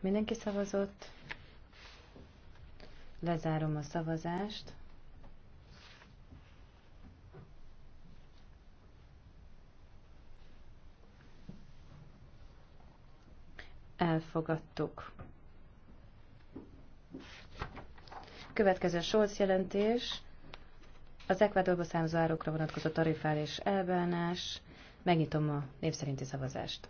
Mindenki szavazott. Lezárom a szavazást. Elfogadtuk. Következő Scholz jelentés. Az Ekvádorba számzó árokra vonatkozó tarifális elbánás. Megnyitom a népszerinti szavazást.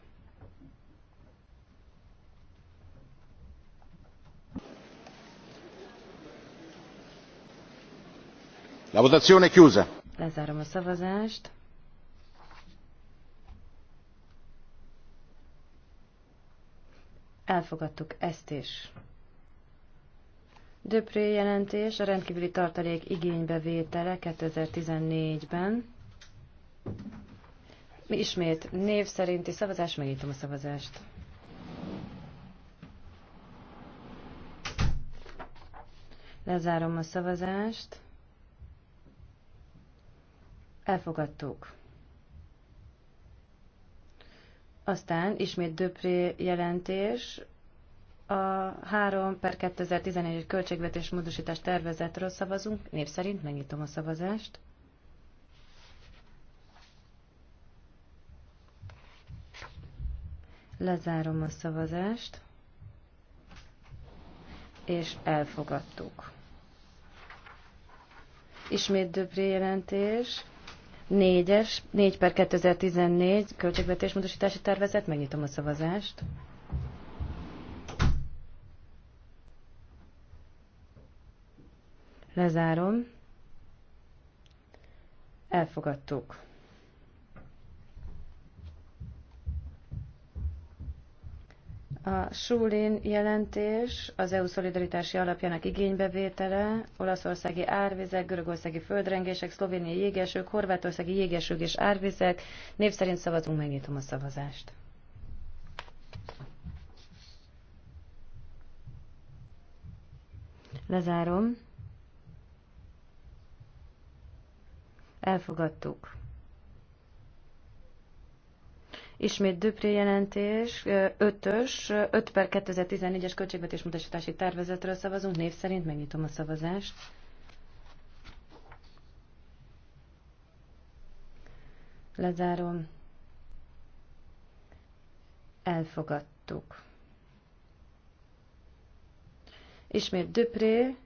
La votazione è chiusa. Lezárom a szavazást. Elfogadtuk ezt is. Döpré jelentés a rendkívüli tartalék igénybevétele 2014-ben. Mi ismét név szerinti szavazás, megnyitom a szavazást. Lezárom a szavazást. Elfogadtuk. Aztán ismét Döpré jelentés, a 3 per 2011 költségvetés módosítás tervezetről szavazunk. Név szerint megnyitom a szavazást. Lezárom a szavazást, és elfogadtuk. Ismét Döbré jelentés, 4-es, 4 per 2014 költségvetésmódosítási tervezet, megnyitom a szavazást. Lezárom. Elfogadtuk. Súlin jelentés az EU szolidaritási alapjának igénybevétele, olaszországi árvizek, görögországi földrengések, szlovéniai jégesők, horvátországi jégesők és árvizek. Név szerint szavazunk, megnyitom a szavazást. Lezárom. Elfogadtuk. Ismét Döpré jelentés, 5-ös, 5 per 2014-es költségvetés mutatási tervezetről szavazunk. Név szerint megnyitom a szavazást. Lezárom. Elfogadtuk. Ismét Döpré,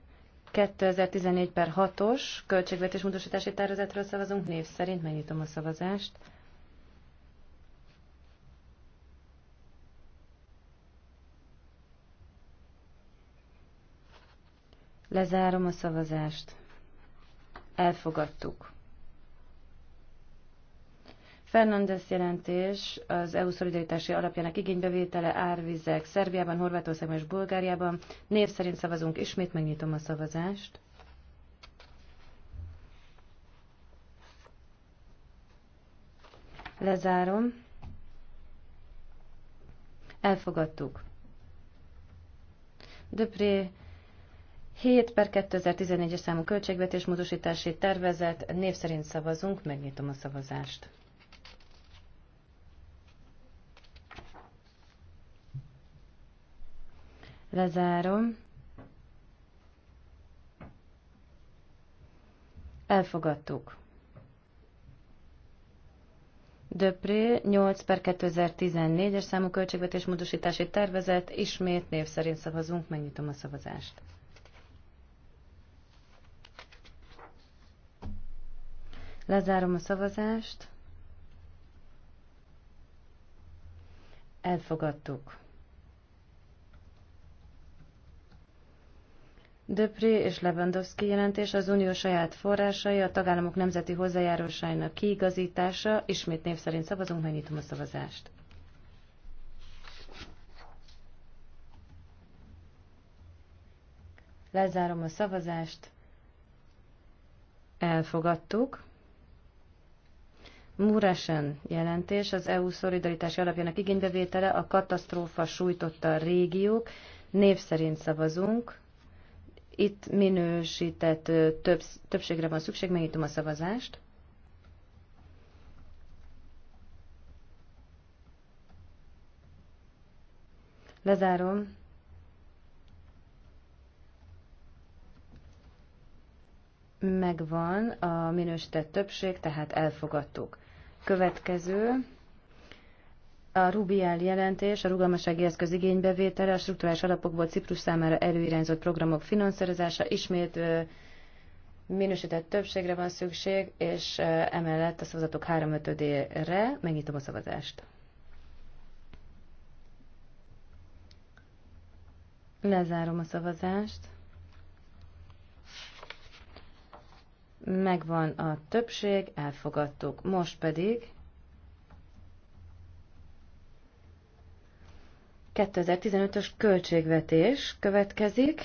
2014 per 6-os költségvetés mutatási tervezetről szavazunk. Név szerint megnyitom a szavazást. Lezárom a szavazást. Elfogadtuk. Fernandez jelentés az EU szolidaritási alapjának igénybevétele árvizek Szerbiában, Horvátországban és Bulgáriában. Név szerint szavazunk, ismét megnyitom a szavazást. Lezárom. Elfogadtuk. Döpré 7 per 2011-es számú költségvetés módosítási tervezet. Név szerint szavazunk, megnyitom a szavazást. Lezárom. Elfogadtuk. Döpré 8 per 2014-es számú költségvetés módosítási tervezet. Ismét név szerint szavazunk, megnyitom a szavazást. Lezárom a szavazást. Elfogadtuk. Döpré és Lewandowski jelentés az unió saját forrásai, a tagállamok nemzeti hozzájárulásainak kiigazítása. Ismét név szerint szavazunk, megnyitom a szavazást. Lezárom a szavazást. Elfogadtuk. Muresen jelentés, az EU szolidaritási alapjának igénybevétele, a katasztrófa sújtotta a régiók, név szerint szavazunk. Itt minősített több, többségre van szükség, megnyitom a szavazást. Lezárom. Megvan a minősített többség, tehát elfogadtuk. Következő a Rubiál jelentés, a rugalmasági eszköz igénybevétele, a struktúrás alapokból Ciprus számára előirányzott programok finanszírozása ismét minősített többségre van szükség, és emellett a szavazatok 3 5 re megnyitom a szavazást. Lezárom a szavazást. megvan a többség, elfogadtuk. Most pedig 2015-ös költségvetés következik.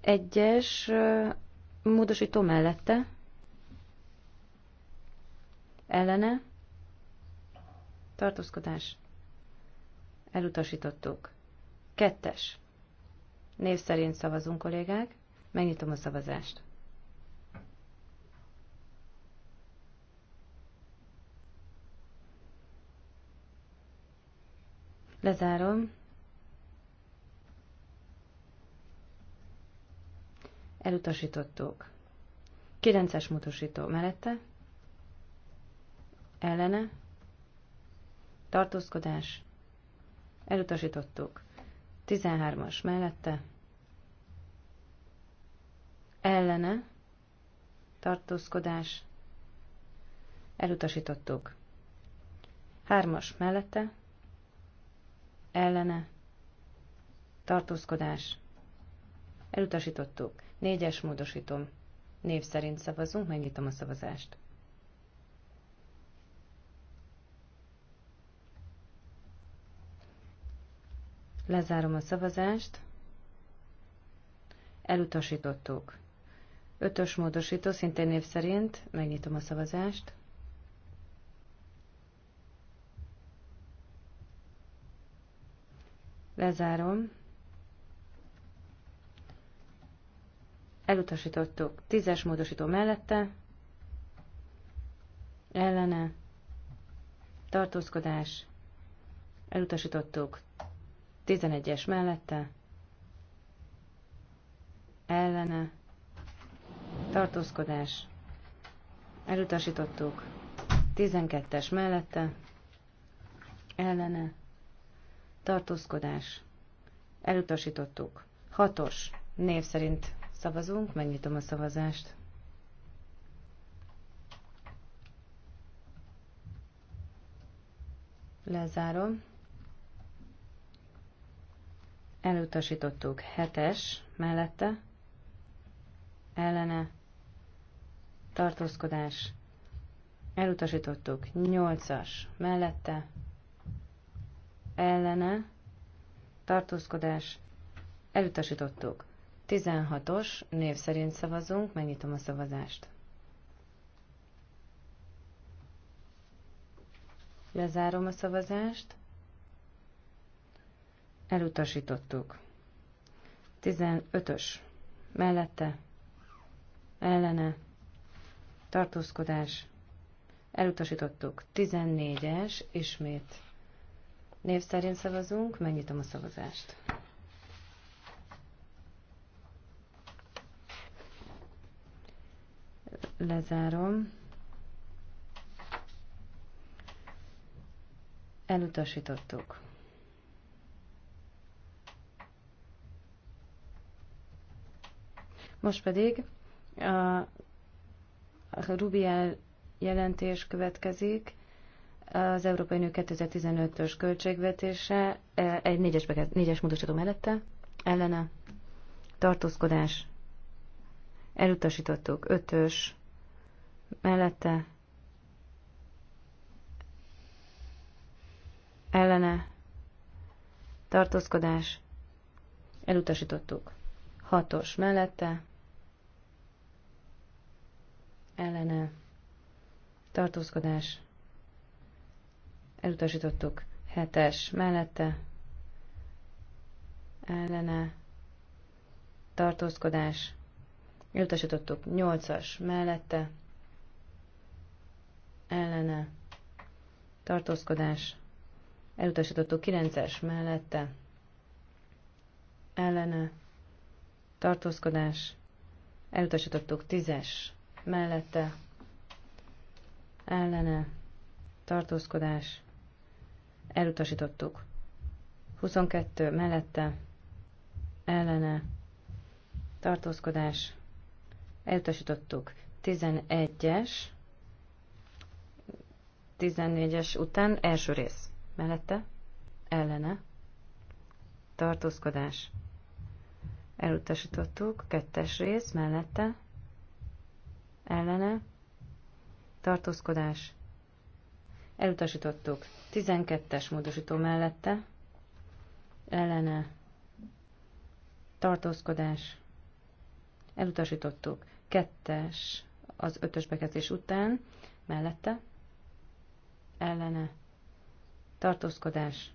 Egyes módosító mellette, ellene, tartózkodás, elutasítottuk. Kettes. Név szerint szavazunk, kollégák. Megnyitom a szavazást. Lezárom. Elutasítottuk. 9-es mutasító mellette. Ellene. Tartózkodás. Elutasítottuk. 13-as mellette ellene tartózkodás elutasítottuk. Hármas mellette ellene tartózkodás elutasítottuk. Négyes módosítom. Név szerint szavazunk, megnyitom a szavazást. Lezárom a szavazást. Elutasítottuk. Ötös módosító, szintén név szerint. Megnyitom a szavazást. Lezárom. Elutasítottuk. Tízes módosító mellette. Ellene. Tartózkodás. Elutasítottuk. Tizenegyes mellette. Ellene tartózkodás, elutasítottuk, 12-es mellette, ellene, tartózkodás, elutasítottuk, 6-os, név szerint szavazunk, megnyitom a szavazást. Lezárom. Elutasítottuk 7-es mellette, ellene tartózkodás, elutasítottuk, 8-as mellette, ellene, tartózkodás, elutasítottuk. 16-os név szerint szavazunk, megnyitom a szavazást. Lezárom a szavazást. Elutasítottuk. 15-ös. Mellette. Ellene tartózkodás, elutasítottuk 14-es, ismét név szerint szavazunk, megnyitom a szavazást. Lezárom. Elutasítottuk. Most pedig a a Rubiel jelentés következik. Az Európai Nő 2015-ös költségvetése e, egy négyes, négyes módosító mellette, ellene, tartózkodás, elutasítottuk, ötös, mellette, ellene, tartózkodás, elutasítottuk, hatos mellette, ellene tartózkodás elutasítottuk. Hetes mellette ellene tartózkodás elutasítottuk. Nyolcas mellette ellene tartózkodás elutasítottuk. Kilences mellette ellene tartózkodás elutasítottuk. Tízes mellette ellene tartózkodás elutasítottuk. 22 mellette ellene tartózkodás elutasítottuk. 11-es 14-es után első rész mellette ellene tartózkodás elutasítottuk. Kettes rész mellette ellene, tartózkodás, elutasítottuk. 12-es módosító mellette, ellene, tartózkodás, elutasítottuk. 2-es az ötös bekezdés után, mellette, ellene, tartózkodás,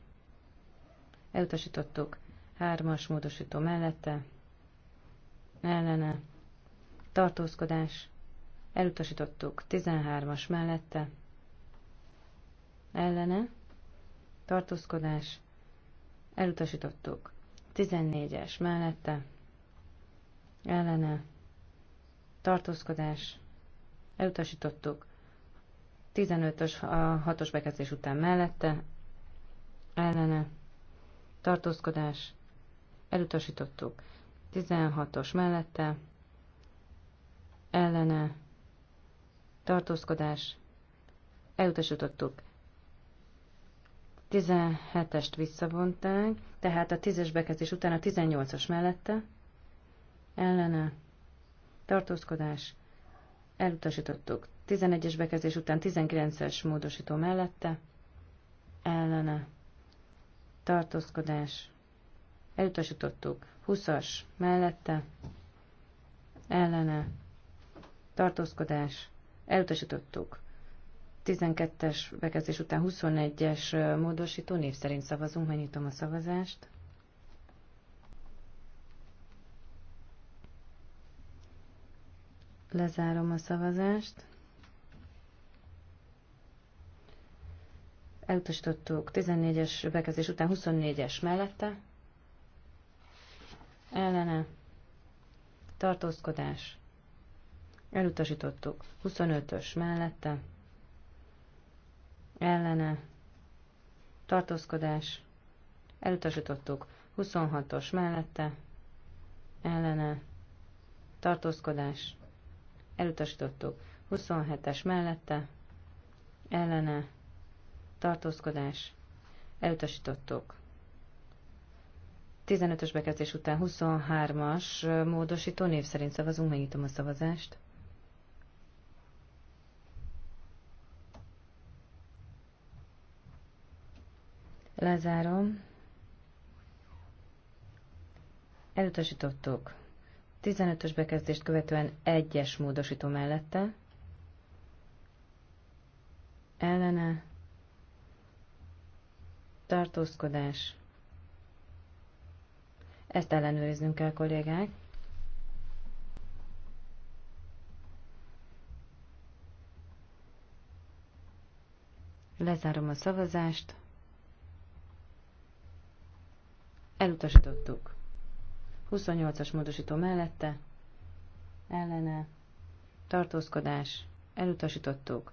elutasítottuk. Hármas módosító mellette, ellene, tartózkodás, Elutasítottuk 13-as mellette. Ellene. Tartózkodás. Elutasítottuk 14-es mellette. Ellene. Tartózkodás. Elutasítottuk 15-ös a 6-os bekezdés után mellette. Ellene. Tartózkodás. Elutasítottuk 16-os mellette. Ellene tartózkodás, elutasítottuk. 17-est visszavonták, tehát a 10-es bekezdés után a 18-as mellette ellene tartózkodás, elutasítottuk. 11-es bekezdés után 19-es módosító mellette ellene tartózkodás, elutasítottuk. 20-as mellette ellene tartózkodás, Elutasítottuk. 12-es bekezdés után 21-es módosító név szerint szavazunk, megnyitom a szavazást. Lezárom a szavazást. Elutasítottuk 14-es bekezdés után 24-es mellette. Ellene. Tartózkodás. Elutasítottuk. 25-ös mellette. Ellene. Tartózkodás. Elutasítottuk. 26-os mellette. Ellene. Tartózkodás. Elutasítottuk. 27-es mellette. Ellene. Tartózkodás. Elutasítottuk. 15-ös bekezdés után 23-as módosító név szerint szavazunk, megnyitom a szavazást. Lezárom. Elutasítottuk. 15-ös bekezdést követően egyes módosító mellette. Ellene. Tartózkodás. Ezt ellenőriznünk kell, kollégák. Lezárom a szavazást. Elutasítottuk. 28-as módosító mellette, ellene, tartózkodás, elutasítottuk.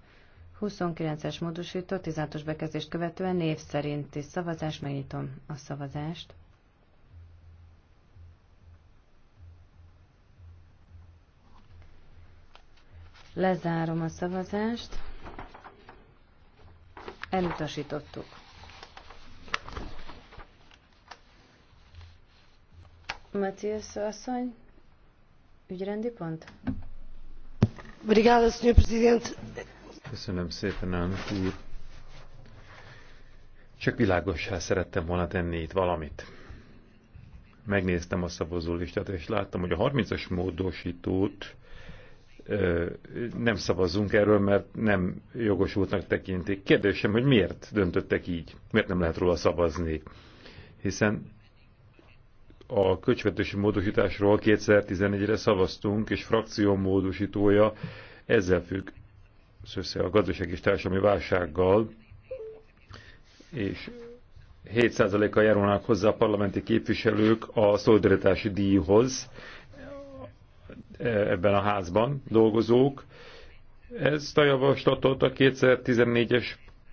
29-es módosító, 16-os bekezdést követően név szerinti szavazás, megnyitom a szavazást. Lezárom a szavazást. Elutasítottuk. Matthias asszony, ügyrendi pont. Brigáda, Prezident. Köszönöm szépen, elnök úr. Csak világossá szerettem volna tenni itt valamit. Megnéztem a listát, és láttam, hogy a 30-as módosítót nem szavazunk erről, mert nem jogosultnak tekintik. Kérdésem, hogy miért döntöttek így? Miért nem lehet róla szavazni? Hiszen a költségvetési módosításról 2011-re szavaztunk, és frakció módosítója ezzel függ össze a gazdaság és társadalmi válsággal, és 7%-kal járulnak hozzá a parlamenti képviselők a szolidaritási díjhoz ebben a házban dolgozók. Ezt a javaslatot a 2014-es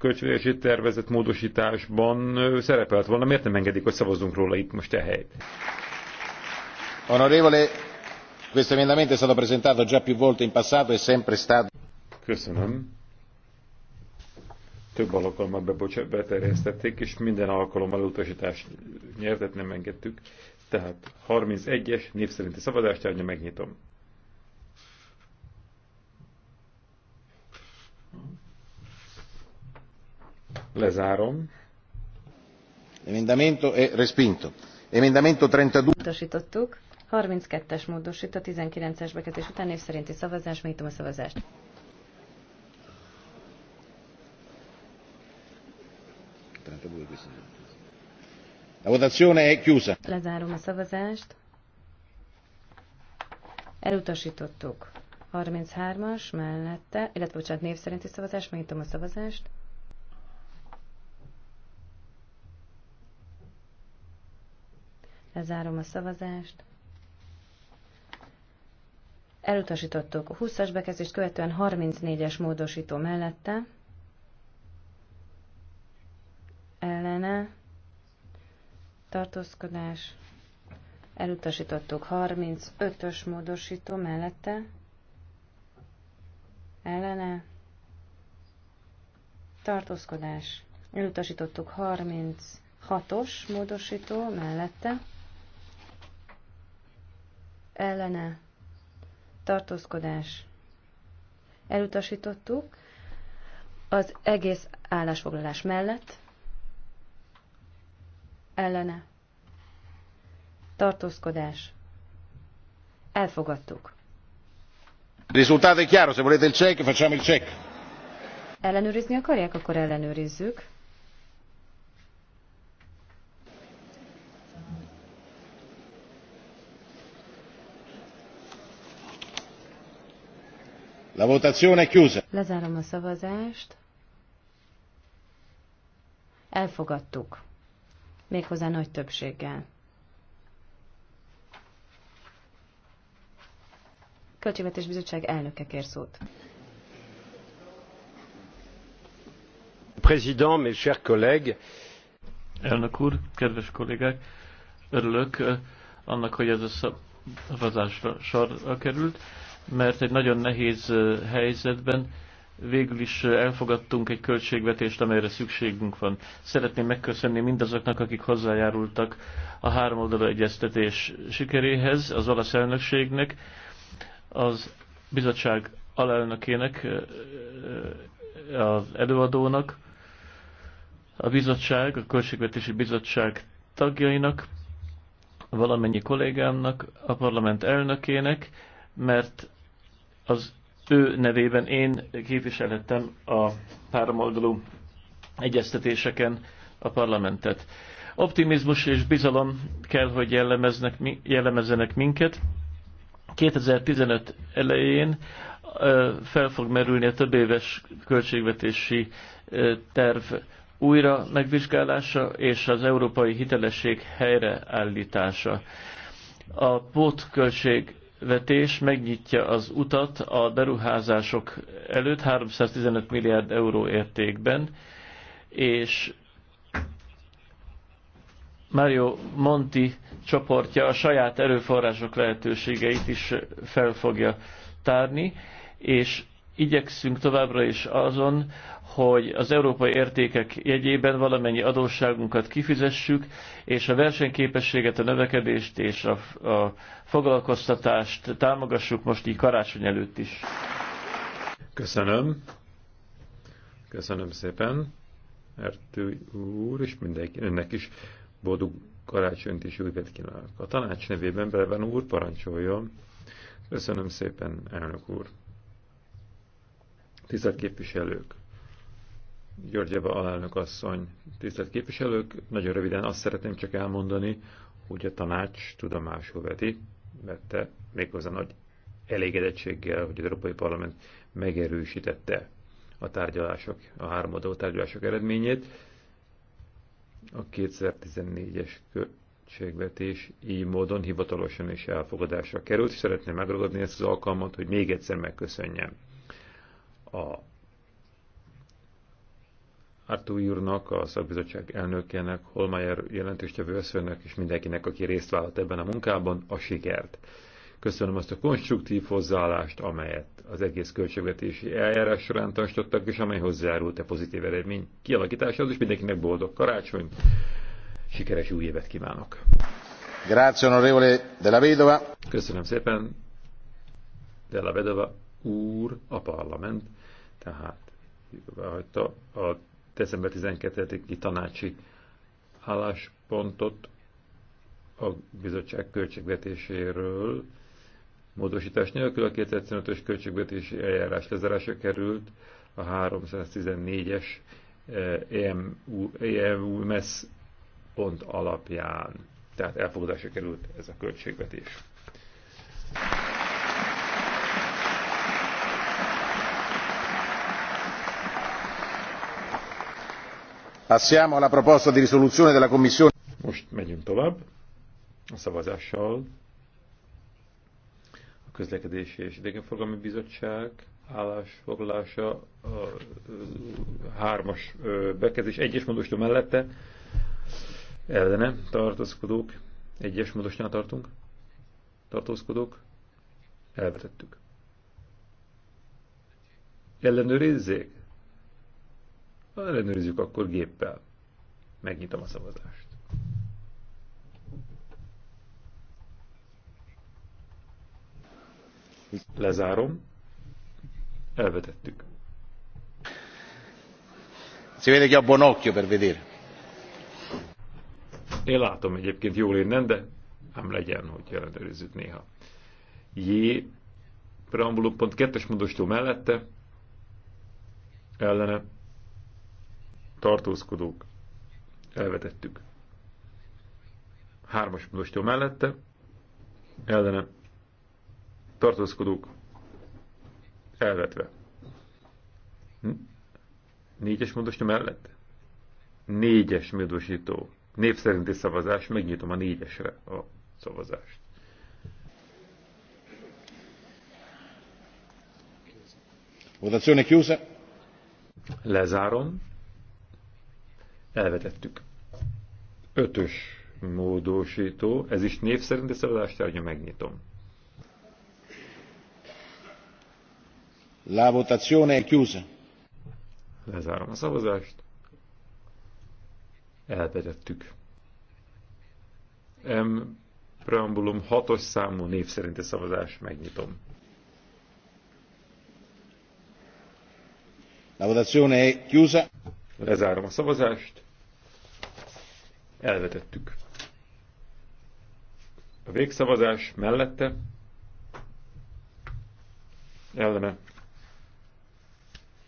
költségvetési tervezet módosításban szerepelt volna. Miért nem engedik, hogy szavazzunk róla itt most ehelyt? Onorevole, questo emendamento è stato presentato già più volte in passato e sempre stato... Köszönöm. Több alkalommal beterjesztették, és minden alkalommal utasítást nyertet nem engedtük. Tehát 31-es név szavazást szavazást, megnyitom. Lezárom. Emendamento e respinto. Emendamento 32. Utasítottuk. 32-es módosít a 19-es bekezdés után név szerinti szavazás. a szavazást. La votazione è chiusa. Lezárom a szavazást. Elutasítottuk. 33-as mellette, illetve bocsánat, név szerinti szavazást, megnyitom a szavazást. Lezárom a szavazást. Elutasítottuk a 20-as bekezdést, követően 34-es módosító mellette. Ellene. Tartózkodás. Elutasítottuk 35-ös módosító mellette. Ellene. Tartózkodás. Elutasítottuk 36-os módosító mellette ellene tartózkodás elutasítottuk, az egész állásfoglalás mellett ellene tartózkodás elfogadtuk. Risultato è chiaro, se volete il check, facciamo il check. Ellenőrizni akarják, akkor ellenőrizzük. La votazione è chiusa. Lezárom a szavazást. Elfogadtuk. Méghozzá nagy többséggel. Költségvetés Bizottság elnöke kér szót. Président, mes chers collègues. Elnök úr, kedves kollégák, örülök eh, annak, hogy ez a szavazásra sorra került mert egy nagyon nehéz helyzetben végül is elfogadtunk egy költségvetést, amelyre szükségünk van. Szeretném megköszönni mindazoknak, akik hozzájárultak a háromoldalú egyeztetés sikeréhez, az olasz elnökségnek, az bizottság alelnökének, az előadónak, a bizottság, a Költségvetési Bizottság tagjainak, valamennyi kollégámnak, a parlament elnökének, mert az ő nevében én képviselhettem a háromoldalú egyeztetéseken a parlamentet. Optimizmus és bizalom kell, hogy jellemeznek, jellemezzenek minket. 2015 elején fel fog merülni a több éves költségvetési terv újra megvizsgálása és az európai hitelesség helyreállítása. A pótköltség vetés megnyitja az utat a beruházások előtt 315 milliárd euró értékben, és Mario Monti csoportja a saját erőforrások lehetőségeit is fel fogja tárni, és igyekszünk továbbra is azon, hogy az európai értékek jegyében valamennyi adósságunkat kifizessük, és a versenyképességet, a növekedést és a, a foglalkoztatást támogassuk most így karácsony előtt is. Köszönöm. Köszönöm szépen. Ertő úr, és mindenki, önnek is boldog karácsonyt és újvet kívánok. A tanács nevében Belven úr parancsoljon. Köszönöm szépen, elnök úr tisztelt képviselők, Györgyeva alelnök asszony, tisztelt képviselők, nagyon röviden azt szeretném csak elmondani, hogy a tanács tudomásul veti, vette méghozzá nagy elégedettséggel, hogy az Európai Parlament megerősítette a tárgyalások, a háromadó tárgyalások eredményét. A 2014-es költségvetés így módon hivatalosan is elfogadásra került, és szeretném megragadni ezt az alkalmat, hogy még egyszer megköszönjem a Artú úrnak, a szakbizottság elnökének, Holmeyer jelentéstevő összönnek és mindenkinek, aki részt vállalt ebben a munkában, a sikert. Köszönöm azt a konstruktív hozzáállást, amelyet az egész költségvetési eljárás során tanítottak, és amely hozzájárult a pozitív eredmény kialakításához, és mindenkinek boldog karácsony, sikeres új évet kívánok! Grazie, onorevole della Vedova. Köszönöm szépen, della Vedova úr, a parlament tehát a, a december 12-i tanácsi álláspontot a bizottság költségvetéséről módosítás nélkül a 2015-ös költségvetési eljárás lezárása került a 314-es eh, EMU, EMUMS pont alapján. Tehát elfogadásra került ez a költségvetés. Passiamo alla proposta di risoluzione della Commissione. Most megyünk tovább a szavazással. A közlekedési és idegenforgalmi bizottság állásfoglalása a hármas bekezdés egyes módosító mellette ellene tartózkodók, egyes módosnál tartunk, tartózkodók, elvetettük. Ellenőrizzék, Ellenőrizzük akkor géppel. Megnyitom a szavazást. Lezárom. Elvetettük. Szívedek a che ho Én látom egyébként jól innen, de nem legyen, hogy ellenőrizzük néha. J. Preambulum pont kettes mellette ellene tartózkodók, elvetettük. Hármas mostó mellette, ellene, tartózkodók, elvetve. Négyes módosító mellett? Négyes módosító. Név szerinti szavazás, megnyitom a négyesre a szavazást. Votazione chiusa. Lezárom. Elvetettük. Ötös módosító, ez is név szerint a szavazást tárgya, megnyitom. La votazione è chiusa. Lezárom a szavazást. Elvetettük. M. Preambulum 6-os számú név szerinti szavazás, megnyitom. La votazione è chiusa. Lezárom a szavazást elvetettük. A végszavazás mellette ellene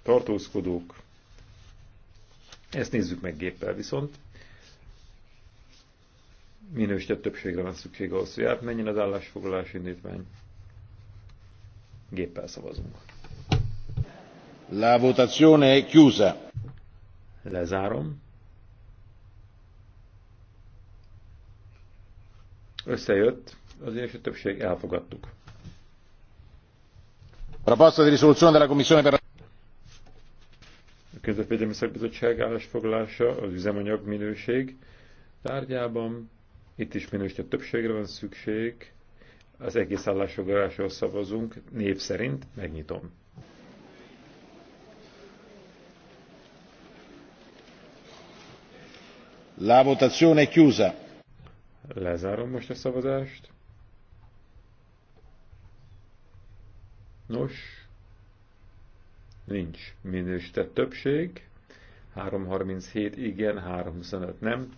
tartózkodók. Ezt nézzük meg géppel viszont. Minősített többségre van szükség ahhoz, hogy átmenjen az állásfoglalás indítvány. Géppel szavazunk. La votazione è chiusa. Lezárom. összejött, azért a többség elfogadtuk. Proposta di risoluzione della Commissione per a Közvetvédelmi Szakbizottság állásfoglalása az üzemanyag minőség tárgyában. Itt is minősített többségre van szükség. Az egész állásfoglalásról szavazunk. Név szerint megnyitom. La votazione è chiusa. Lezárom most a szavazást. Nos, nincs minősített többség. 337 igen, 325 nem.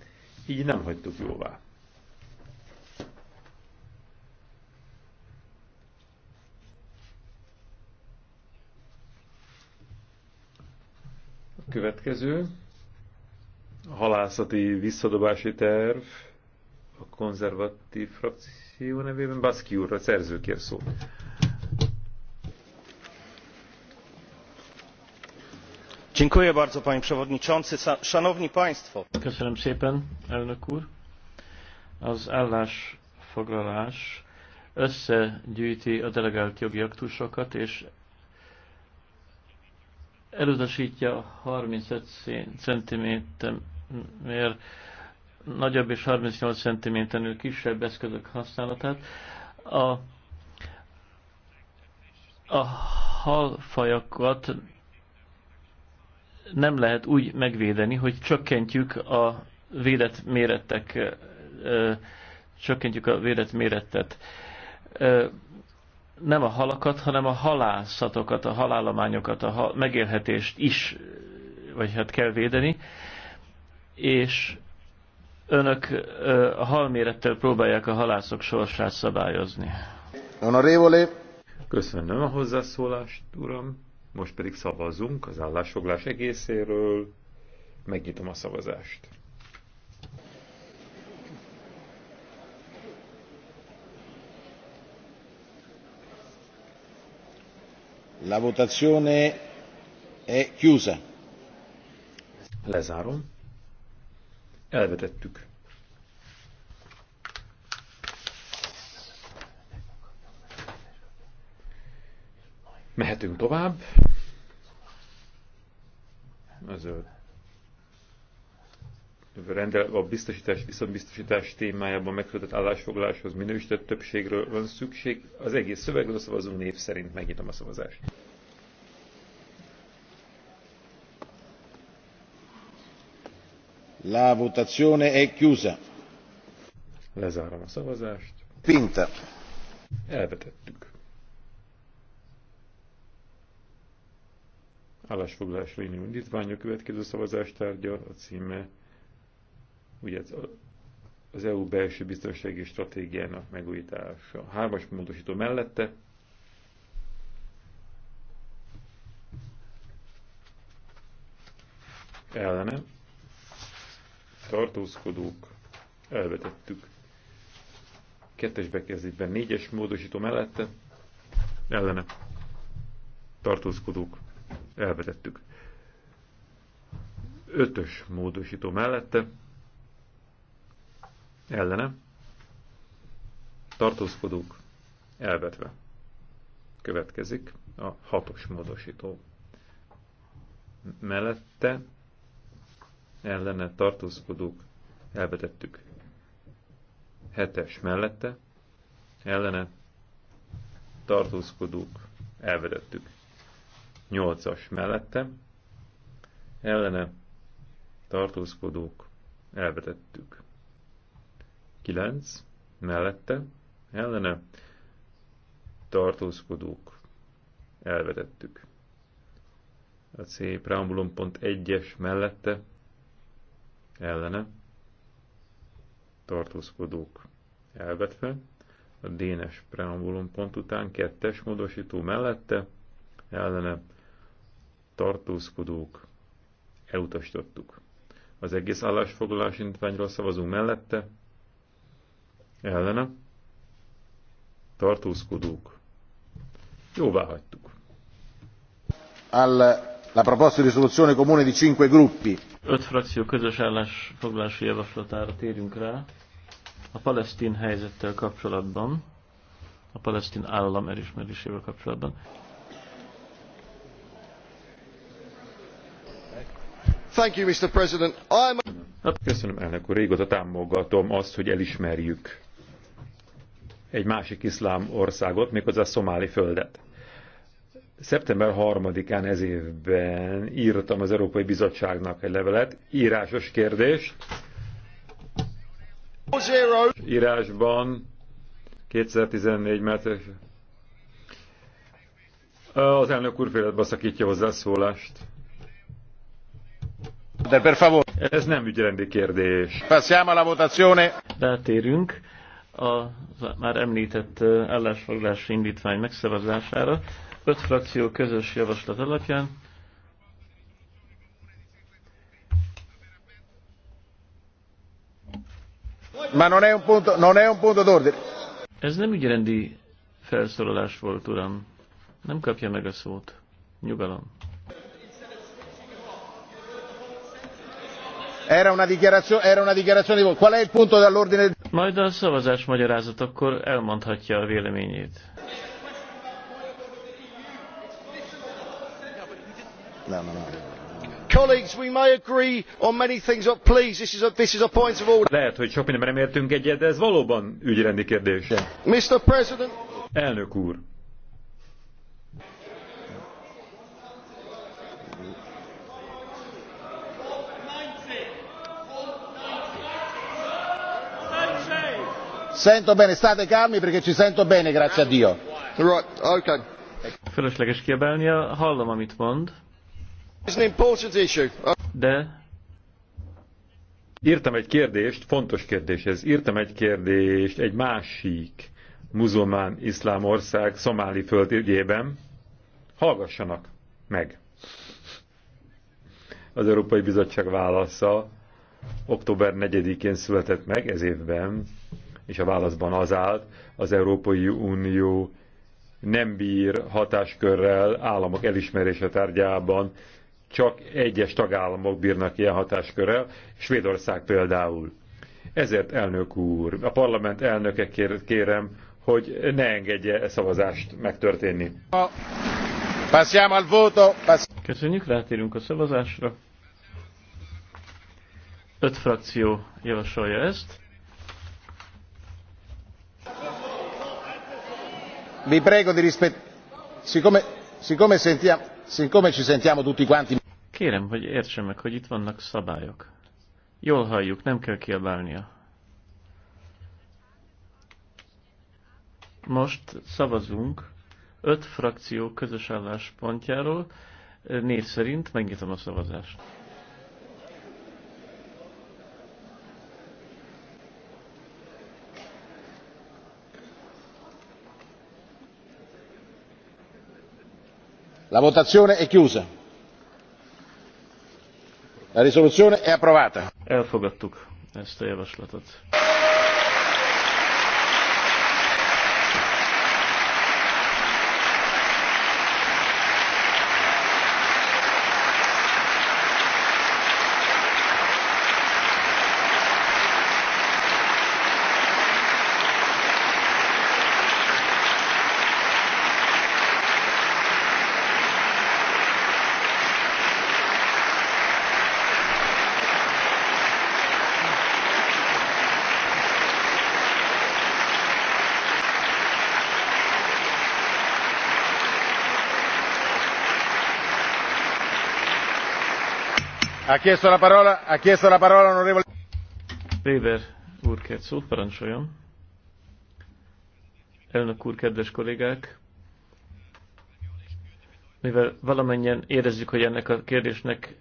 Így nem hagytuk jóvá. A következő a halászati visszadobási terv a konzervatív frakció nevében. Baszki úr, a szerző kér państwo. Köszönöm szépen, elnök úr. Az állásfoglalás összegyűjti a delegált jogi aktusokat, és elutasítja 35 cm nagyobb és 38 cm-nél kisebb eszközök használatát. A, a halfajakat nem lehet úgy megvédeni, hogy csökkentjük a védett méretek, ö, csökkentjük a védett méretet. Ö, nem a halakat, hanem a halászatokat, a halállományokat, a ha megélhetést is, vagy hát kell védeni, és önök a halmérettel próbálják a halászok sorsát szabályozni. Honorevole. Köszönöm a hozzászólást, uram. Most pedig szavazunk az állásfoglás egészéről. Megnyitom a szavazást. La votazione è chiusa. Lezárom elvetettük. Mehetünk tovább. Ez a, rendel, a biztosítás, biztosítás témájában megkötött állásfoglaláshoz minősített többségről van szükség. Az egész szövegről szavazunk név szerint. Megnyitom a szavazást. La votazione è chiusa. Lezárom a szavazást. Pinta. Elvetettük. Állásfoglalás lényű indítványa következő szavazástárgya a címe ugye az EU belső biztonsági stratégiának megújítása. Hármas módosító mellette ellenem tartózkodók, elvetettük. Kettes bekezdésben négyes módosító mellette, ellene, tartózkodók, elvetettük. Ötös módosító mellette, ellene, tartózkodók, elvetve. Következik a hatos módosító mellette, ellene tartózkodók elvetettük. Hetes mellette ellene tartózkodók elvetettük. Nyolcas mellette ellene tartózkodók elvetettük. Kilenc mellette ellene tartózkodók elvetettük. A C preambulum pont egyes mellette ellene tartózkodók elvetve, a dénes preambulum pont után kettes módosító mellette ellene tartózkodók elutasítottuk. Az egész állásfoglalási intványról szavazunk mellette, ellene tartózkodók jóvá hagytuk. Alla la proposta di risoluzione comune di cinque gruppi. öt frakció közös állásfoglalási javaslatára térünk rá a palesztin helyzettel kapcsolatban, a palesztin állam elismerésével kapcsolatban. Thank you, Mr. President. I'm... Hát, köszönöm, elnök úr. Régóta támogatom azt, hogy elismerjük egy másik iszlám országot, méghozzá a szomáli földet Szeptember 3-án ez évben írtam az Európai Bizottságnak egy levelet, írásos kérdést. Írásban 2014 mert Az elnök úr félretbe szakítja hozzászólást. De per favor. Ez nem ügyrendi kérdés. Passiamo alla votazione. Rátérünk a már említett eh, állásfoglalási indítvány megszavazására öt frakció közös javaslat alapján. Ma non è un punto, non è un punto d'ordine. Ez nem ügyrendi felszólalás volt, uram. Nem kapja meg a szót. Nyugalom. Era una dichiarazione, era una dichiarazione di voto. Qual è il punto dell'ordine? Majd a szavazás magyarázat, akkor elmondhatja a véleményét. Colleagues, we may agree on many things, but please, this is a, this is a point of order. Lehet, hogy sok minden nem értünk egyet, de ez valóban ügyrendi kérdés. Mr. President. Elnök úr. Sento bene, state calmi perché ci sento bene, grazie a Dio. Right, okay. Felesleges kiabálnia, hallom, amit mond. De írtam egy kérdést, fontos kérdés ez, írtam egy kérdést egy másik muzulmán iszlám ország szomáli föld ügyében. Hallgassanak meg! Az Európai Bizottság válasza október 4-én született meg ez évben, és a válaszban az állt, az Európai Unió nem bír hatáskörrel államok elismerése tárgyában csak egyes tagállamok bírnak ilyen hatáskörrel, Svédország például. Ezért, elnök úr, a parlament elnöke kér, kérem, hogy ne engedje e szavazást megtörténni. Passiamo al voto. Köszönjük, rátérünk a szavazásra. Öt frakció javasolja ezt. Vi prego di rispettare. Siccome, siccome, siccome ci sentiamo tutti quanti Kérem, hogy értse meg, hogy itt vannak szabályok. Jól halljuk, nem kell kiabálnia. Most szavazunk öt frakció közös álláspontjáról. Név szerint megnyitom a szavazást. La votazione è chiusa. Elfogadtuk ezt a javaslatot. Ha Weber úr kért szót, parancsoljon. Elnök úr, kedves kollégák, mivel valamennyien érezzük, hogy ennek a kérdésnek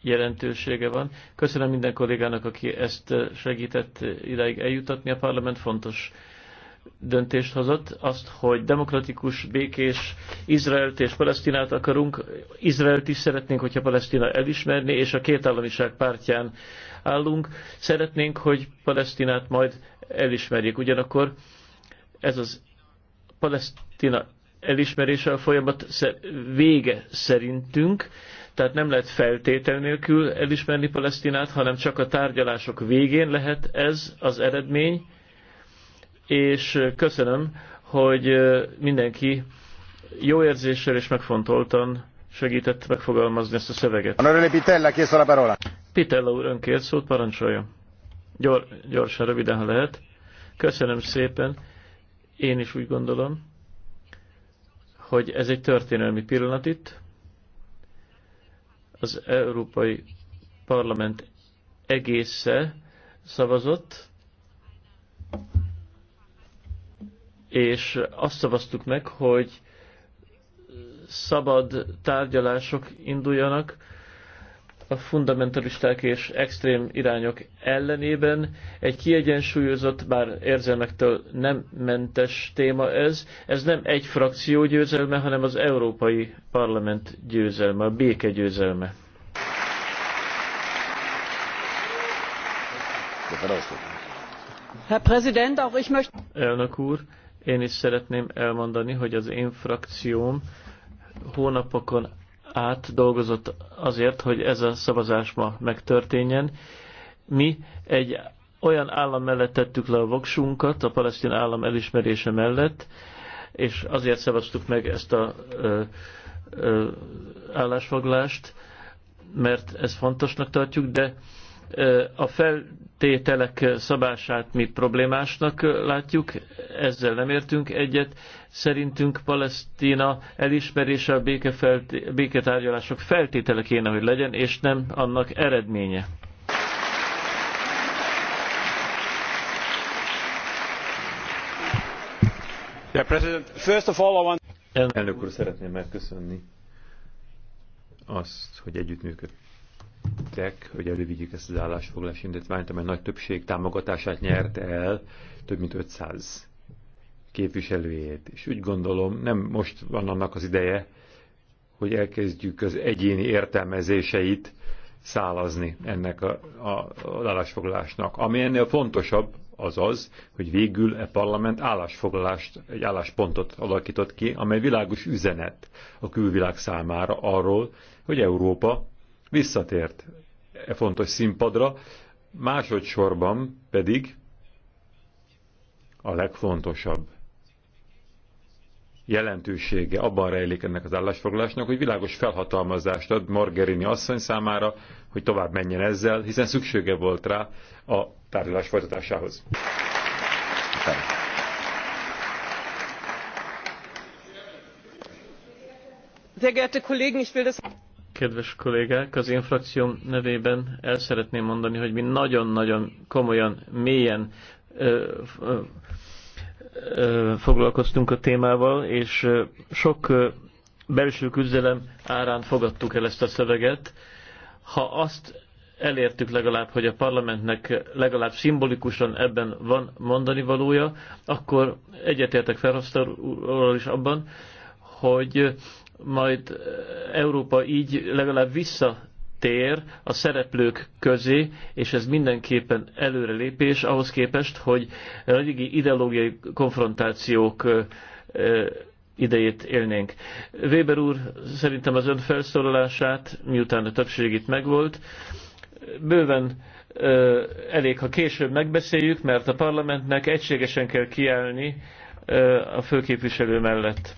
jelentősége van. Köszönöm minden kollégának, aki ezt segített ideig eljutatni. A parlament fontos döntést hozott, azt, hogy demokratikus, békés Izraelt és Palesztinát akarunk. Izraelt is szeretnénk, hogyha Palesztina elismerni, és a két államiság pártján állunk. Szeretnénk, hogy Palesztinát majd elismerjék. Ugyanakkor ez az Palesztina elismerése a folyamat vége szerintünk, tehát nem lehet feltétel nélkül elismerni Palesztinát, hanem csak a tárgyalások végén lehet ez az eredmény, és köszönöm, hogy mindenki jó érzéssel és megfontoltan segített megfogalmazni ezt a szöveget. Honorable Pitella, kész a parola. Pitella úr ön önkért szót parancsolja. Gyor, gyorsan, röviden, ha lehet. Köszönöm szépen. Én is úgy gondolom, hogy ez egy történelmi pillanat itt. Az Európai Parlament egésze szavazott, és azt szavaztuk meg, hogy szabad tárgyalások induljanak a fundamentalisták és extrém irányok ellenében. Egy kiegyensúlyozott, bár érzelmektől nem mentes téma ez. Ez nem egy frakció győzelme, hanem az Európai Parlament győzelme, a béke győzelme. Herr Präsident, auch ich möchte... Elnök úr, én is szeretném elmondani, hogy az én frakcióm hónapokon át dolgozott azért, hogy ez a szavazás ma megtörténjen. Mi egy olyan állam mellett tettük le a voksunkat, a palesztin állam elismerése mellett, és azért szavaztuk meg ezt a ö, ö, állásfoglást, mert ezt fontosnak tartjuk, de a feltételek szabását mi problémásnak látjuk, ezzel nem értünk egyet. Szerintünk Palesztina elismerése a béketárgyalások feltétele kéne, hogy legyen, és nem annak eredménye. Elnök úr, szeretném megköszönni azt, hogy együttműködött tettek, hogy elővigyük ezt az állásfoglalási indítványt, amely nagy többség támogatását nyerte el, több mint 500 képviselőjét. És úgy gondolom, nem most van annak az ideje, hogy elkezdjük az egyéni értelmezéseit szálazni ennek a, a, az állásfoglalásnak. Ami ennél fontosabb, az az, hogy végül e parlament állásfoglalást, egy álláspontot alakított ki, amely világos üzenet a külvilág számára arról, hogy Európa visszatért e fontos színpadra, másodszorban pedig a legfontosabb jelentősége abban rejlik ennek az állásfoglalásnak, hogy világos felhatalmazást ad Margerini asszony számára, hogy tovább menjen ezzel, hiszen szüksége volt rá a tárgyalás folytatásához. Sehr geehrte Kollegen, ich will das kedves kollégák, az én frakcióm nevében el szeretném mondani, hogy mi nagyon-nagyon komolyan, mélyen ö, ö, ö, foglalkoztunk a témával, és sok ö, belső küzdelem árán fogadtuk el ezt a szöveget. Ha azt elértük legalább, hogy a parlamentnek legalább szimbolikusan ebben van mondani valója, akkor egyetértek felhasználóval is abban, hogy majd eh, Európa így legalább visszatér a szereplők közé, és ez mindenképpen előrelépés ahhoz képest, hogy a régi ideológiai konfrontációk eh, eh, idejét élnénk. Weber úr szerintem az ön felszólalását, miután a többség itt megvolt, bőven elég, ha később megbeszéljük, mert a parlamentnek egységesen kell kiállni a főképviselő mellett.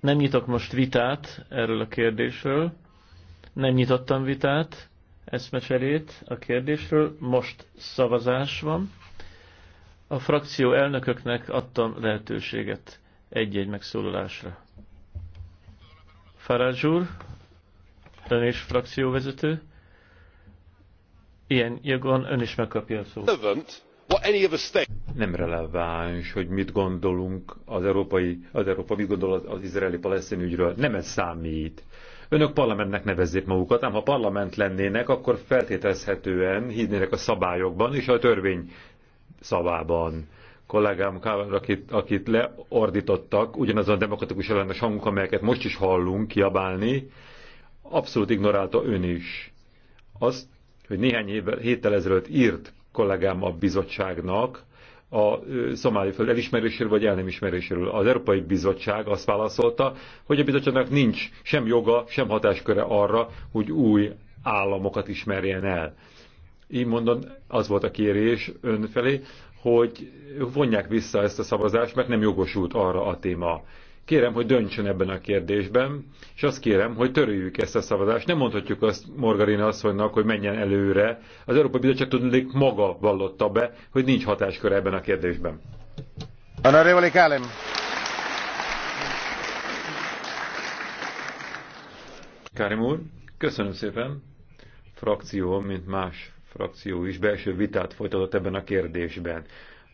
Nem nyitok most vitát erről a kérdésről. Nem nyitottam vitát, eszmecserét a kérdésről. Most szavazás van. A frakció elnököknek adtam lehetőséget egy-egy megszólalásra. Farázs úr, ön is frakcióvezető. Ilyen jogon ön is megkapja a szót. Nem releváns, hogy mit gondolunk az európai, az Európa mit gondol az, az izraeli palesztin ügyről. Nem ez számít. Önök parlamentnek nevezzék magukat, ám ha parlament lennének, akkor feltételezhetően hinnének a szabályokban és a törvény szabában. kollégám, akit, akit leordítottak, ugyanazon a demokratikus ellenes hangunk, amelyeket most is hallunk kiabálni, abszolút ignorálta ön is. Azt, hogy néhány évvel, héttel ezelőtt írt kollégám a bizottságnak a szomáli föld elismeréséről vagy el nem ismeréséről. Az Európai Bizottság azt válaszolta, hogy a bizottságnak nincs sem joga, sem hatásköre arra, hogy új államokat ismerjen el. Így mondom, az volt a kérés önfelé, hogy vonják vissza ezt a szavazást, mert nem jogosult arra a téma. Kérem, hogy döntsön ebben a kérdésben, és azt kérem, hogy törüljük ezt a szavazást. Nem mondhatjuk azt Margarina asszonynak, hogy menjen előre. Az Európai Bizottság tudnék maga vallotta be, hogy nincs hatáskör ebben a kérdésben. Honorevole Kálem. Kárim úr, köszönöm szépen. Frakció, mint más frakció is belső vitát folytatott ebben a kérdésben.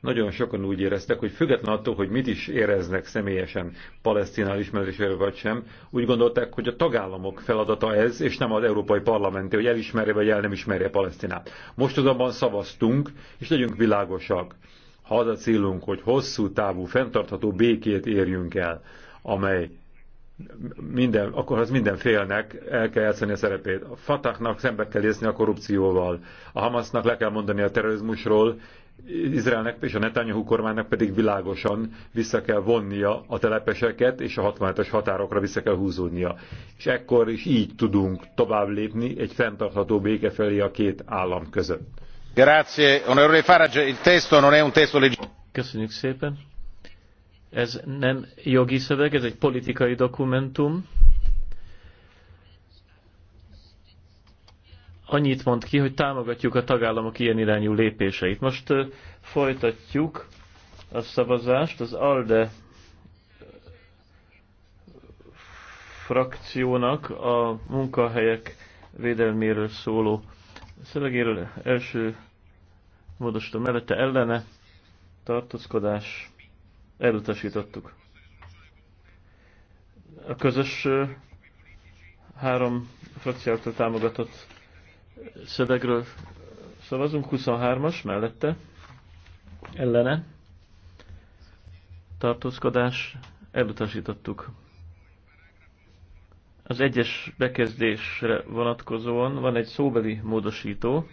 Nagyon sokan úgy éreztek, hogy független attól, hogy mit is éreznek személyesen palesztinál elismeréséről vagy sem, úgy gondolták, hogy a tagállamok feladata ez, és nem az Európai Parlamenté, hogy elismerje vagy el nem ismerje Palesztinát. Most azonban szavaztunk, és legyünk világosak. Ha az a célunk, hogy hosszú távú, fenntartható békét érjünk el, amely minden, akkor az minden félnek el kell játszani a szerepét. A Fatahnak szembe kell a korrupcióval, a Hamasnak le kell mondani a terrorizmusról, Izraelnek és a Netanyahu kormánynak pedig világosan vissza kell vonnia a telepeseket, és a 67-es határokra vissza kell húzódnia. És ekkor is így tudunk tovább lépni egy fenntartható béke felé a két állam között. Grazie, il testo non è un testo Köszönjük szépen. Ez nem jogi szöveg, ez egy politikai dokumentum. annyit mond ki, hogy támogatjuk a tagállamok ilyen irányú lépéseit. Most folytatjuk a szavazást. Az ALDE frakciónak a munkahelyek védelméről szóló szövegéről első módosító mellette ellene tartózkodás elutasítottuk. A közös három frakciáltal támogatott szövegről szavazunk, 23-as mellette, ellene, tartózkodás, elutasítottuk. Az egyes bekezdésre vonatkozóan van egy szóbeli módosító,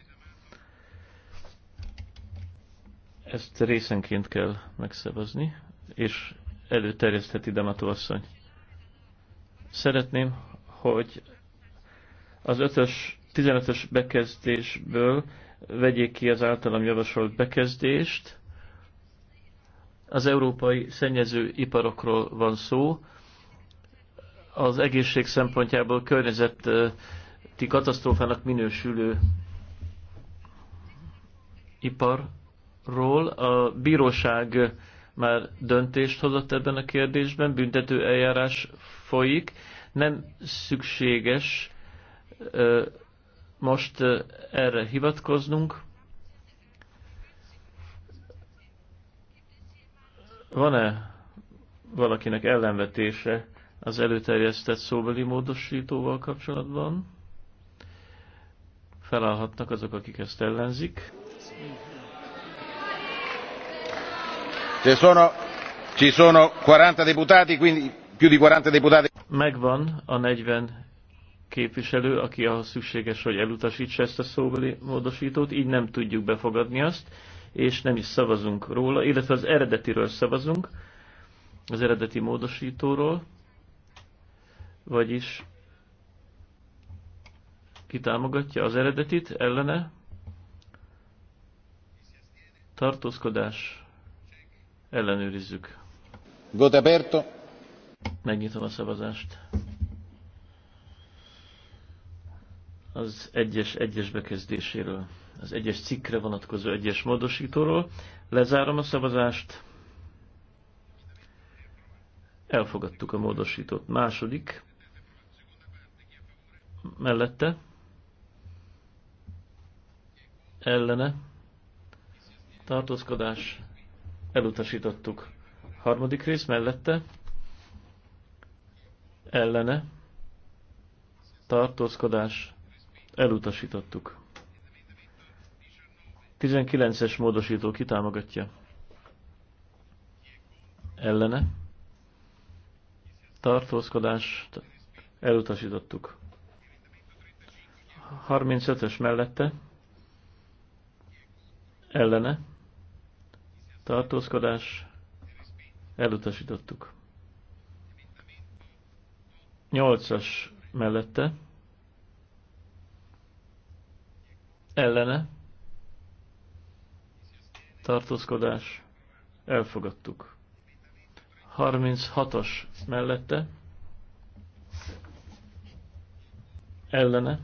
ezt részenként kell megszavazni, és előterjesztheti Damató asszony. Szeretném, hogy az ötös 15-ös bekezdésből vegyék ki az általam javasolt bekezdést. Az európai szennyező iparokról van szó. Az egészség szempontjából környezeti katasztrófának minősülő iparról. A bíróság már döntést hozott ebben a kérdésben, büntető eljárás folyik. Nem szükséges most erre hivatkoznunk. Van-e valakinek ellenvetése az előterjesztett szóbeli módosítóval kapcsolatban? Felállhatnak azok, akik ezt ellenzik. 40 40 Megvan a 40 képviselő, aki ahhoz szükséges, hogy elutasítsa ezt a szóbeli módosítót, így nem tudjuk befogadni azt, és nem is szavazunk róla, illetve az eredetiről szavazunk, az eredeti módosítóról, vagyis kitámogatja az eredetit, ellene tartózkodás ellenőrizzük. Voto aperto. Megnyitom a szavazást. az egyes egyes bekezdéséről, az egyes cikkre vonatkozó egyes módosítóról. Lezárom a szavazást. Elfogadtuk a módosítót. Második mellette ellene tartózkodás elutasítottuk. Harmadik rész mellette ellene tartózkodás Elutasítottuk. 19-es módosító kitámogatja. Ellene. Tartózkodás. Elutasítottuk. 35-ös mellette. Ellene. Tartózkodás. Elutasítottuk. 8-as mellette ellene tartózkodás elfogadtuk. 36 as mellette ellene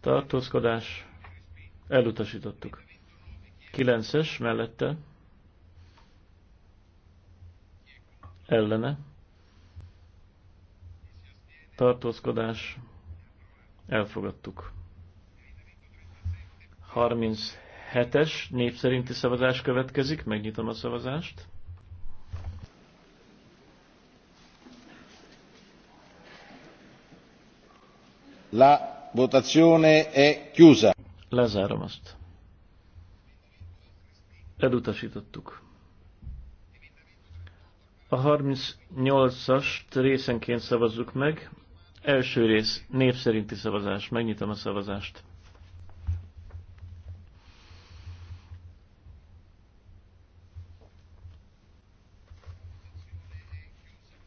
tartózkodás elutasítottuk. 9-es mellette ellene tartózkodás elfogadtuk. 37-es népszerinti szavazás következik, megnyitom a szavazást. La votazione è chiusa. Lezárom azt. Elutasítottuk. A 38-ast részenként szavazzuk meg. Első rész népszerinti szavazás. Megnyitom a szavazást.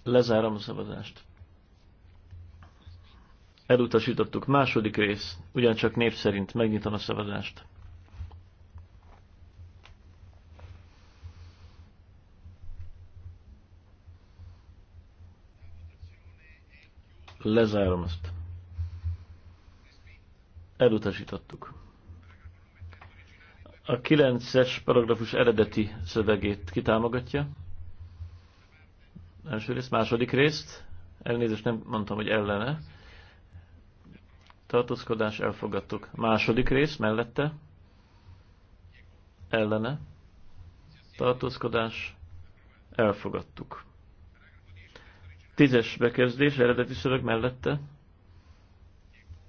Lezárom a szavazást. Elutasítottuk. Második rész. Ugyancsak név szerint megnyitom a szavazást. Lezárom ezt. Elutasítottuk. A 9-es paragrafus eredeti szövegét kitámogatja. Első részt, második részt. Elnézést nem mondtam, hogy ellene. Tartózkodás elfogadtuk. Második rész mellette. Ellene. Tartózkodás elfogadtuk. Tízes bekezdés eredeti szöveg mellette.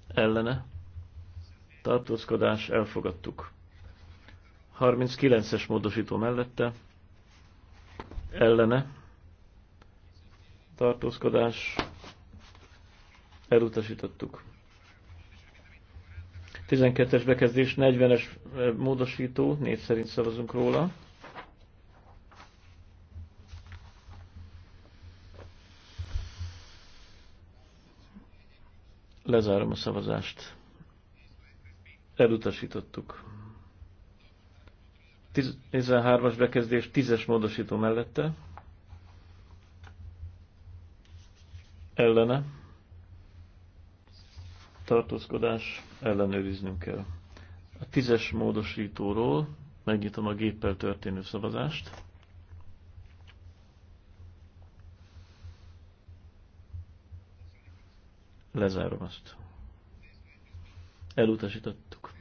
Ellene. Tartózkodás elfogadtuk. 39-es módosító mellette. Ellene tartózkodás elutasítottuk. 12-es bekezdés, 40-es eh, módosító, név szerint szavazunk róla. Lezárom a szavazást. Elutasítottuk. 13-as bekezdés, 10-es módosító mellette. ellene tartózkodás ellenőriznünk kell. A tízes módosítóról megnyitom a géppel történő szavazást. Lezárom azt. Elutasítottuk.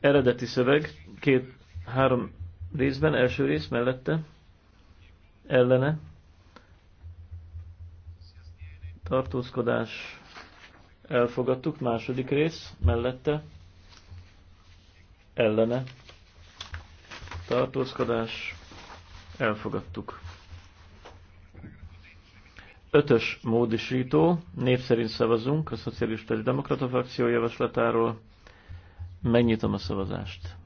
Eredeti szöveg két, három részben, első rész mellette, ellene, tartózkodás elfogadtuk, második rész mellette, ellene, tartózkodás elfogadtuk. Ötös módisító, népszerint szavazunk a Szocialista és Demokrata frakció javaslatáról. Megnyitom a szavazást.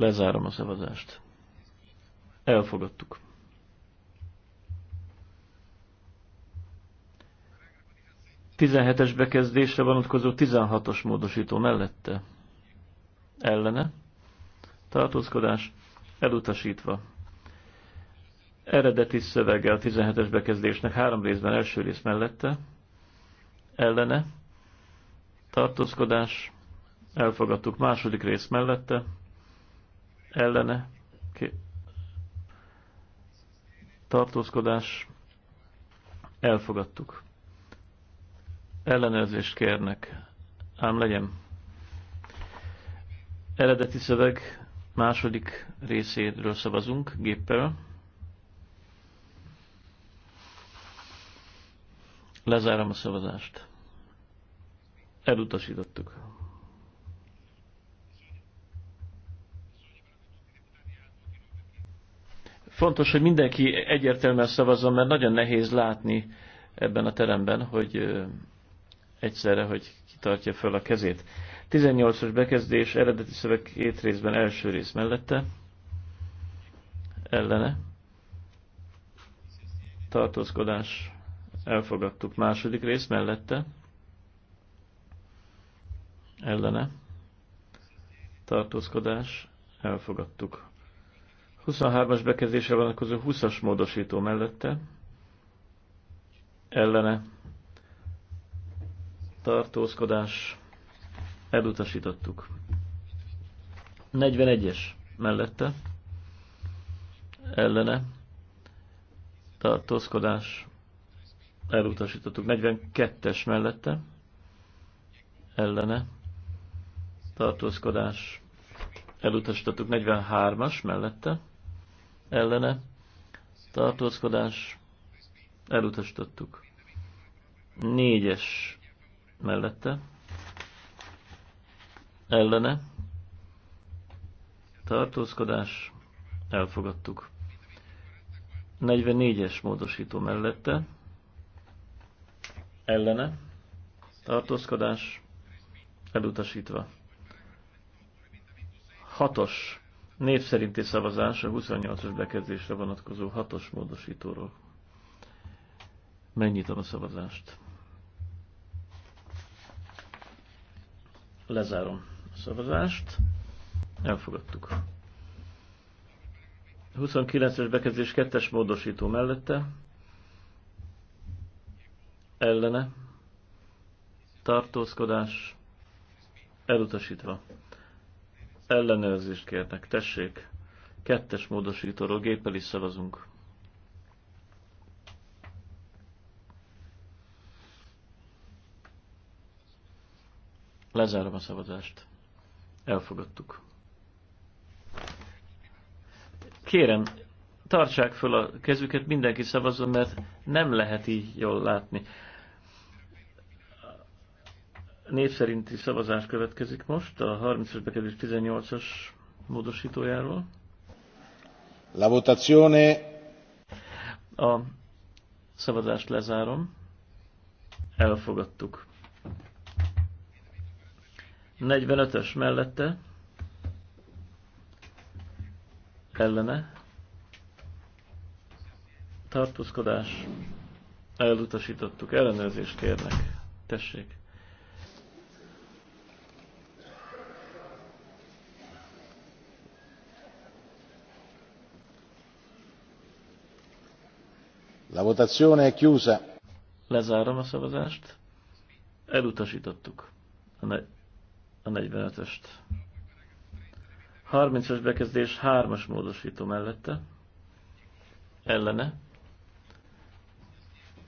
Lezárom a szavazást. Elfogadtuk. Tizenhetes bekezdésre vonatkozó 16-os módosító mellette. Ellene. Tartózkodás elutasítva. Eredeti szövege a 17-es bekezdésnek három részben első rész mellette. Ellene. Tartózkodás elfogadtuk második rész mellette, ellene tartózkodás elfogadtuk. Ellenőrzést kérnek, ám legyen. Eredeti szöveg második részéről szavazunk géppel. Lezárom a szavazást. Elutasítottuk. Fontos, hogy mindenki egyértelműen szavazzon, mert nagyon nehéz látni ebben a teremben, hogy egyszerre, hogy kitartja föl a kezét. 18-os bekezdés, eredeti szöveg két részben, első rész mellette, ellene, tartózkodás, elfogadtuk második rész mellette, ellene, tartózkodás, elfogadtuk 23-as bekezdésre vonatkozó 20-as módosító mellette ellene tartózkodás elutasítottuk. 41-es mellette ellene tartózkodás elutasítottuk. 42-es mellette ellene tartózkodás elutasítottuk. 43-as mellette ellene tartózkodás elutasítottuk. Négyes mellette ellene tartózkodás elfogadtuk. 44-es módosító mellette ellene tartózkodás elutasítva. 6-os Név szerinti szavazás a 28-as bekezdésre vonatkozó hatos módosítóról. Megnyitom a szavazást. Lezárom a szavazást. Elfogadtuk. 29-es bekezdés kettes módosító mellette. Ellene. Tartózkodás. Elutasítva ellenőrzést kérnek. Tessék, kettes módosítóról géppel is szavazunk. Lezárom a szavazást. Elfogadtuk. Kérem, tartsák föl a kezüket, mindenki szavazzon, mert nem lehet így jól látni. Név szerinti szavazás következik most a 30-as bekerülés 18-as módosítójáról. La votazione. A szavazást lezárom. Elfogadtuk. 45-ös mellette. Ellene. Tartózkodás. Elutasítottuk. Ellenőrzést kérnek. Tessék. La votazione è chiusa. Lezárom a szavazást. Elutasítottuk a 45-est. 30-as bekezdés 3-as módosító mellette. Ellene.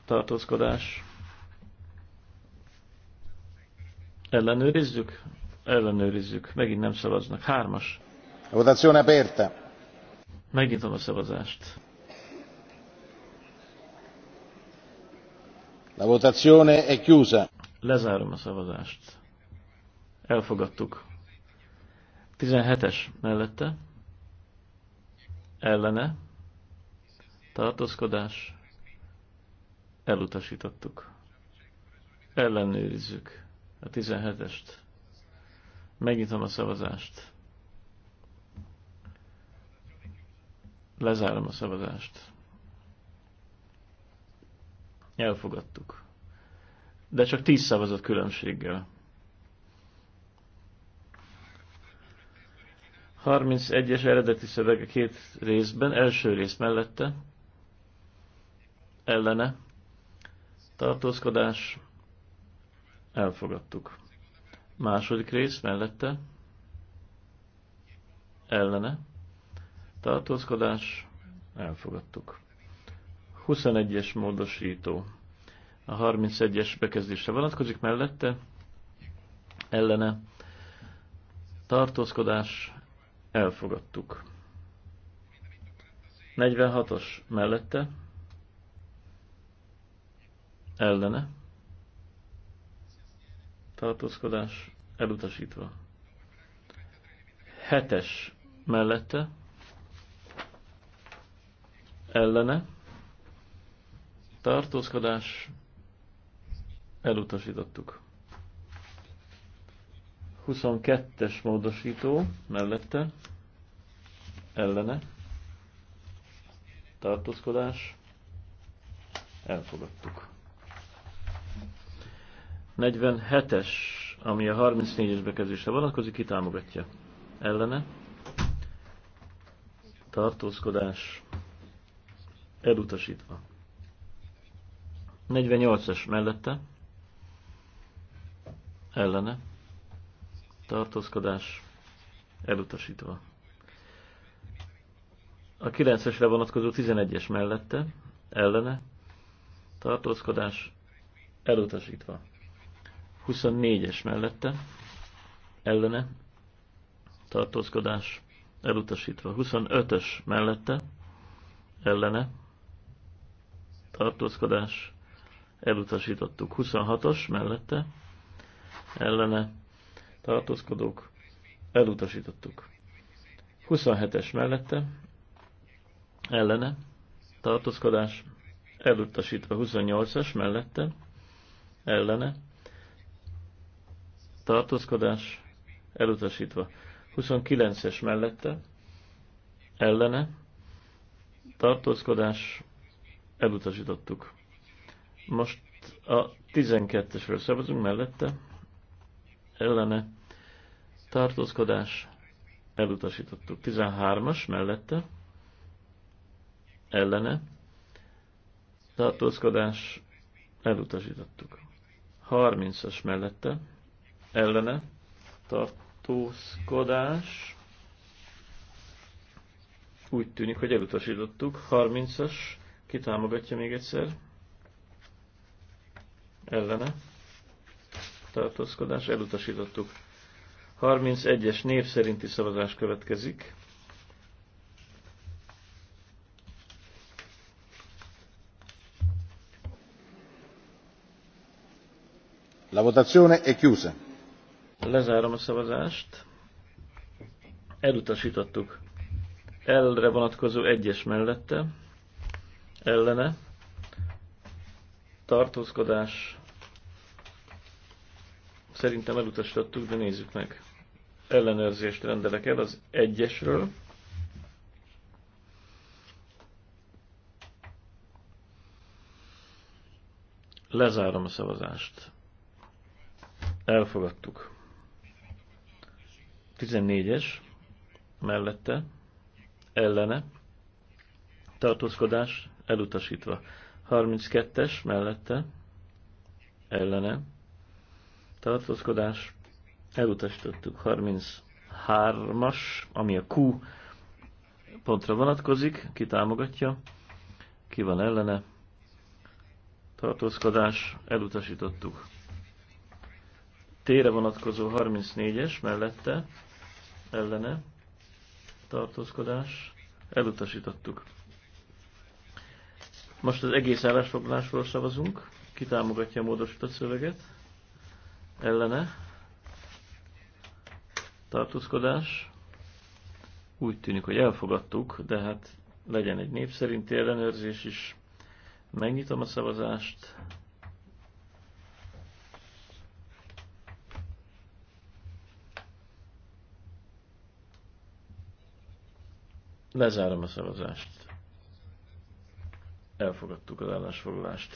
Tartózkodás. Ellenőrizzük? Ellenőrizzük. Megint nem szavaznak. Hármas. Votazione aperta. Megnyitom a szavazást. La votazione è chiusa. Lezárom a szavazást. Elfogadtuk. 17-es mellette. Ellene. Tartózkodás. Elutasítottuk. Ellenőrizzük a 17-est. Megnyitom a szavazást. Lezárom a szavazást. Elfogadtuk. De csak tíz szavazat különbséggel. 31-es eredeti szövege két részben, első rész mellette, ellene, tartózkodás, elfogadtuk. Második rész mellette, ellene, tartózkodás, elfogadtuk. 21-es módosító. A 31-es bekezdésre vonatkozik mellette, ellene tartózkodás elfogadtuk. 46-os mellette, ellene tartózkodás elutasítva. 7-es mellette, ellene tartózkodás, elutasítottuk. 22-es módosító mellette, ellene, tartózkodás, elfogadtuk. 47-es, ami a 34-es bekezdésre vonatkozik, ki támogatja? Ellene, tartózkodás, elutasítva. 48-as mellette ellene tartózkodás elutasítva. A 9-esre vonatkozó 11-es mellette ellene tartózkodás elutasítva. 24-es mellette ellene tartózkodás elutasítva. 25-ös mellette ellene tartózkodás elutasítottuk. 26-os mellette ellene tartózkodók elutasítottuk. 27-es mellette ellene tartózkodás elutasítva. 28-as mellette ellene tartózkodás elutasítva. 29-es mellette ellene tartózkodás elutasítottuk. Most a 12-esről szavazunk mellette, ellene tartózkodás elutasítottuk. 13-as mellette, ellene tartózkodás elutasítottuk. 30-as mellette, ellene tartózkodás úgy tűnik, hogy elutasítottuk. 30-as kitámogatja még egyszer ellene tartózkodás, elutasítottuk. 31-es név szerinti szavazás következik. La votazione è chiusa. Lezárom a szavazást. Elutasítottuk. Elre vonatkozó egyes mellette. Ellene. Tartózkodás Szerintem elutasítottuk, de nézzük meg. Ellenőrzést rendelek el az egyesről. Lezárom a szavazást. Elfogadtuk. 14-es mellette, ellene, tartózkodás elutasítva. 32-es mellette, ellene, tartózkodás, elutasítottuk 33-as, ami a Q pontra vonatkozik, ki támogatja, ki van ellene, tartózkodás, elutasítottuk. Tére vonatkozó 34-es mellette, ellene, tartózkodás, elutasítottuk. Most az egész állásfoglalásról szavazunk, ki támogatja a módosított szöveget, ellene tartózkodás. Úgy tűnik, hogy elfogadtuk, de hát legyen egy népszerinti ellenőrzés is. Megnyitom a szavazást. Lezárom a szavazást. Elfogadtuk az állásfoglalást.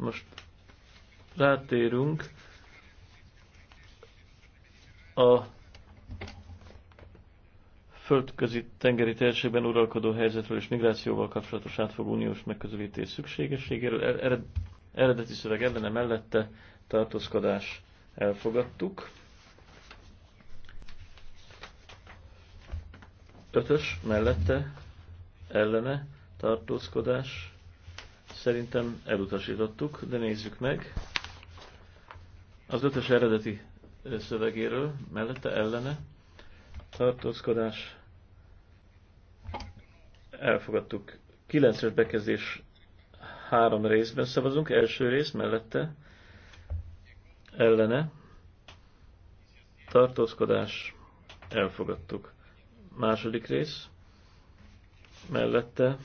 Most rátérünk a földközi tengeri térségben uralkodó helyzetről és migrációval kapcsolatos átfogó uniós megközelítés szükségességéről. eredeti szöveg ellene mellette tartózkodás elfogadtuk. Ötös mellette ellene tartózkodás Szerintem elutasítottuk, de nézzük meg. Az ötös eredeti szövegéről, mellette ellene tartózkodás elfogadtuk. 9 bekezdés három részben szavazunk. Első rész mellette ellene tartózkodás elfogadtuk. Második rész mellette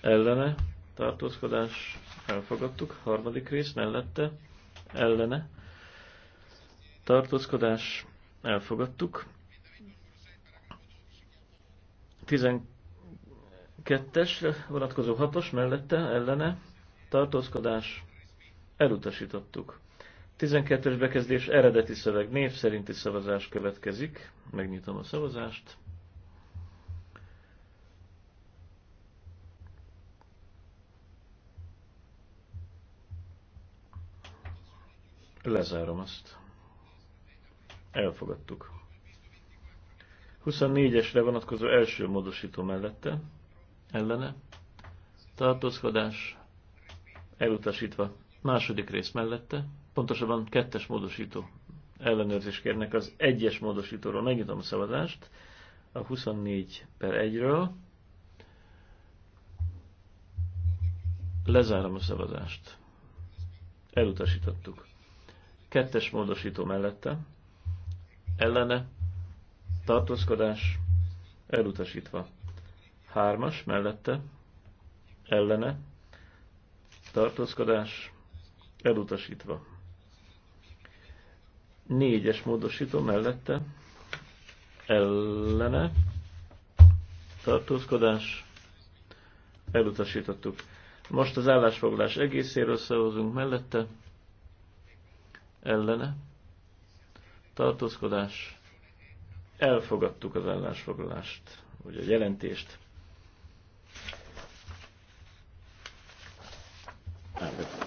ellene tartózkodás elfogadtuk, harmadik rész mellette, ellene, tartózkodás elfogadtuk, 12-es vonatkozó 6 mellette, ellene, tartózkodás elutasítottuk. 12-es bekezdés eredeti szöveg név szerinti szavazás következik. Megnyitom a szavazást. Lezárom azt. Elfogadtuk. 24-esre vonatkozó első módosító mellette, ellene, tartózkodás, elutasítva. Második rész mellette, pontosabban kettes módosító ellenőrzést kérnek az egyes módosítóról. Megnyitom a szavazást a 24 per 1-ről. Lezárom a szavazást. Elutasítottuk. Kettes módosító mellette. Ellene. Tartózkodás. Elutasítva. Hármas mellette. Ellene. Tartózkodás. Elutasítva. Négyes módosító mellette. Ellene. Tartózkodás. Elutasítottuk. Most az állásfoglalás egészéről szavazunk mellette ellene tartózkodás. Elfogadtuk az állásfoglalást, vagy a jelentést. Állapot.